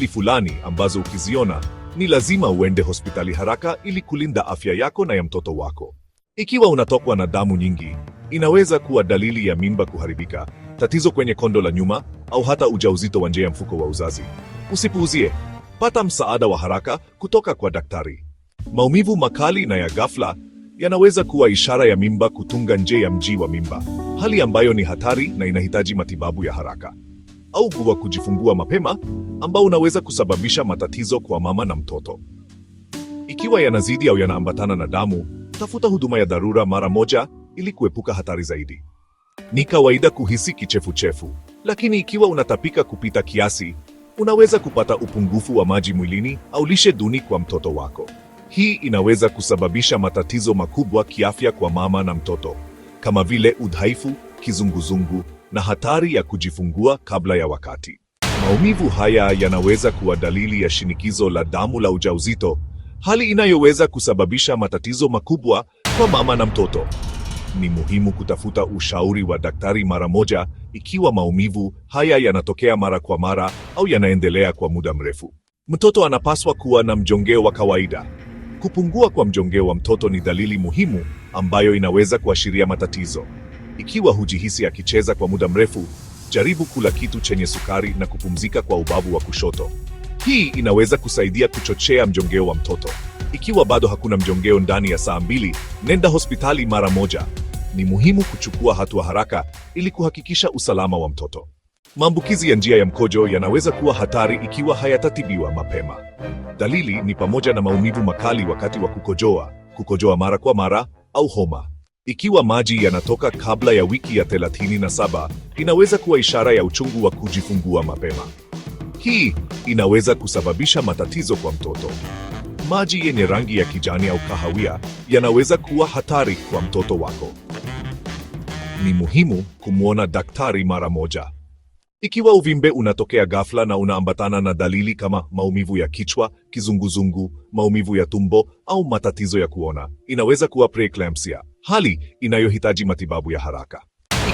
dalili fulani ambazo ukiziona ni lazima uende hospitali haraka ili kulinda afya yako na ya mtoto wako. Ikiwa unatokwa na damu nyingi, inaweza kuwa dalili ya mimba kuharibika, tatizo kwenye kondo la nyuma, au hata ujauzito wa nje ya mfuko wa uzazi. Usipuuzie, pata msaada wa haraka kutoka kwa daktari. Maumivu makali na ya ghafla yanaweza kuwa ishara ya mimba kutunga nje ya mji wa mimba, hali ambayo ni hatari na inahitaji matibabu ya haraka au kuwa kujifungua mapema ambao unaweza kusababisha matatizo kwa mama na mtoto. Ikiwa yanazidi au yanaambatana na damu, tafuta huduma ya dharura mara moja ili kuepuka hatari zaidi. Ni kawaida kuhisi kichefuchefu, lakini ikiwa unatapika kupita kiasi, unaweza kupata upungufu wa maji mwilini au lishe duni kwa mtoto wako. Hii inaweza kusababisha matatizo makubwa kiafya kwa mama na mtoto, kama vile udhaifu, kizunguzungu na hatari ya kujifungua kabla ya wakati. Maumivu haya yanaweza kuwa dalili ya shinikizo la damu la ujauzito, hali inayoweza kusababisha matatizo makubwa kwa mama na mtoto. Ni muhimu kutafuta ushauri wa daktari mara moja ikiwa maumivu haya yanatokea mara kwa mara au yanaendelea kwa muda mrefu. Mtoto anapaswa kuwa na mjongeo wa kawaida. Kupungua kwa mjongeo wa mtoto ni dalili muhimu ambayo inaweza kuashiria matatizo. Ikiwa hujihisi akicheza kwa muda mrefu, jaribu kula kitu chenye sukari na kupumzika kwa ubavu wa kushoto. Hii inaweza kusaidia kuchochea mjongeo wa mtoto. Ikiwa bado hakuna mjongeo ndani ya saa mbili, nenda hospitali mara moja. Ni muhimu kuchukua hatua haraka ili kuhakikisha usalama wa mtoto. Maambukizi ya njia ya mkojo yanaweza kuwa hatari ikiwa hayatatibiwa mapema. Dalili ni pamoja na maumivu makali wakati wa kukojoa, kukojoa mara kwa mara au homa. Ikiwa maji yanatoka kabla ya wiki ya 37, inaweza kuwa ishara ya uchungu wa kujifungua mapema. Hii inaweza kusababisha matatizo kwa mtoto. Maji yenye rangi ya kijani au kahawia yanaweza kuwa hatari kwa mtoto wako. Ni muhimu kumwona daktari mara moja. Ikiwa uvimbe unatokea ghafla na unaambatana na dalili kama maumivu ya kichwa, kizunguzungu, maumivu ya tumbo au matatizo ya kuona, inaweza kuwa preeclampsia hali inayohitaji matibabu ya haraka.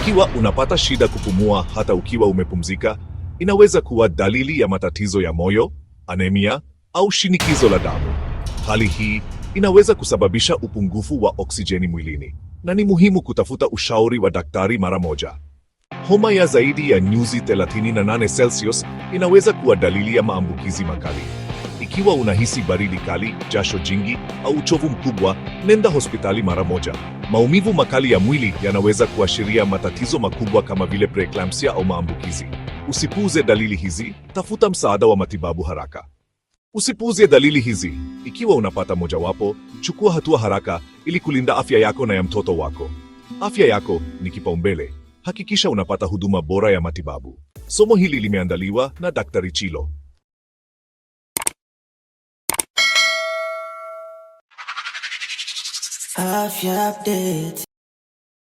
Ikiwa unapata shida kupumua hata ukiwa umepumzika, inaweza kuwa dalili ya matatizo ya moyo, anemia au shinikizo la damu. Hali hii inaweza kusababisha upungufu wa oksijeni mwilini na ni muhimu kutafuta ushauri wa daktari mara moja. Homa ya zaidi ya nyuzi 38 Celsius inaweza kuwa dalili ya maambukizi makali. Ikiwa unahisi baridi kali, jasho jingi au uchovu mkubwa, nenda hospitali mara moja. Maumivu makali ya mwili yanaweza kuashiria matatizo makubwa kama vile preeclampsia au maambukizi. Usipuuze dalili hizi, tafuta msaada wa matibabu haraka. Usipuuze dalili hizi. Ikiwa unapata mojawapo, chukua hatua haraka ili kulinda afya yako na ya mtoto wako. Afya yako ni kipaumbele hakikisha unapata huduma bora ya matibabu. Somo hili limeandaliwa na Daktari Chilo. Afya Update.